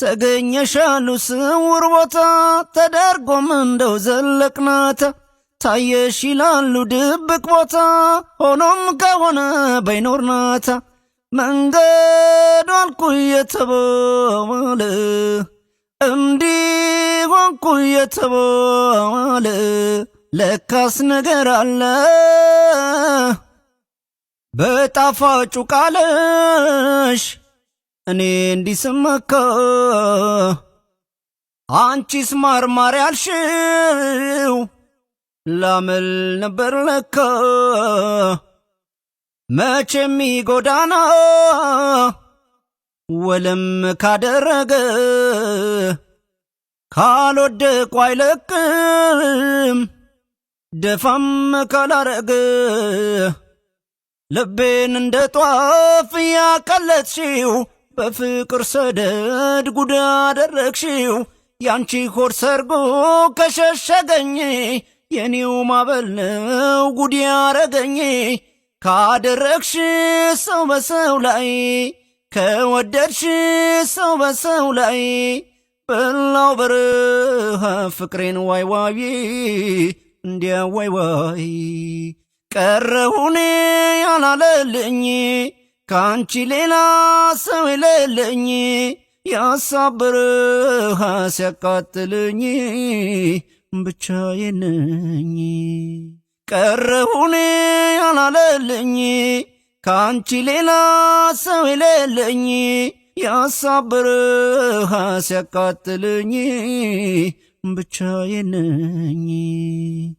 ተገኘሻሉ ስውር ቦታ ተደርጎም እንደው ዘለቅናት ታየሽ ይላሉ ድብቅ ቦታ ሆኖም ከሆነ በይኖር መንገድ ዋልኩ አልኩ የተባለ እንዲህ ሆንኩ የተባለ ለካስ ነገር አለ በጣፋጩ ቃለሽ እኔ እንዲስመካ አንቺስ ማርማር ያልሽው ላመል ነበር ለካ። መቼም ጎዳና ወለም ካደረገ ካልወደቁ አይለቅም ደፋም ካላረገ ልቤን እንደ ጧፍ እያቀለጥሽው በፍቅር ሰደድ ጉዳ አደረግሽው ያንቺ ሆድ ሰርጎ ከሸሸገኝ የኔው ማበል ነው ጉድ ያረገኝ ካደረግሽ ሰው በሰው ላይ ከወደድሽ ሰው በሰው ላይ በላው በረሃ ፍቅሬን ዋይ እንዲያ ዋይ ቀረሁኔ ያላለልኝ ከአንቺ ሌላ ሰው የለለኝ የሀሳብ ሲያቃትልኝ ሲያቃጥለኝ ብቻዬን ነኝ ቀረሁን ያላለልኝ ከአንቺ ሌላ ሰው የለለኝ የሀሳብ በረሃ ሲያቃጥለኝ ብቻዬን ነኝ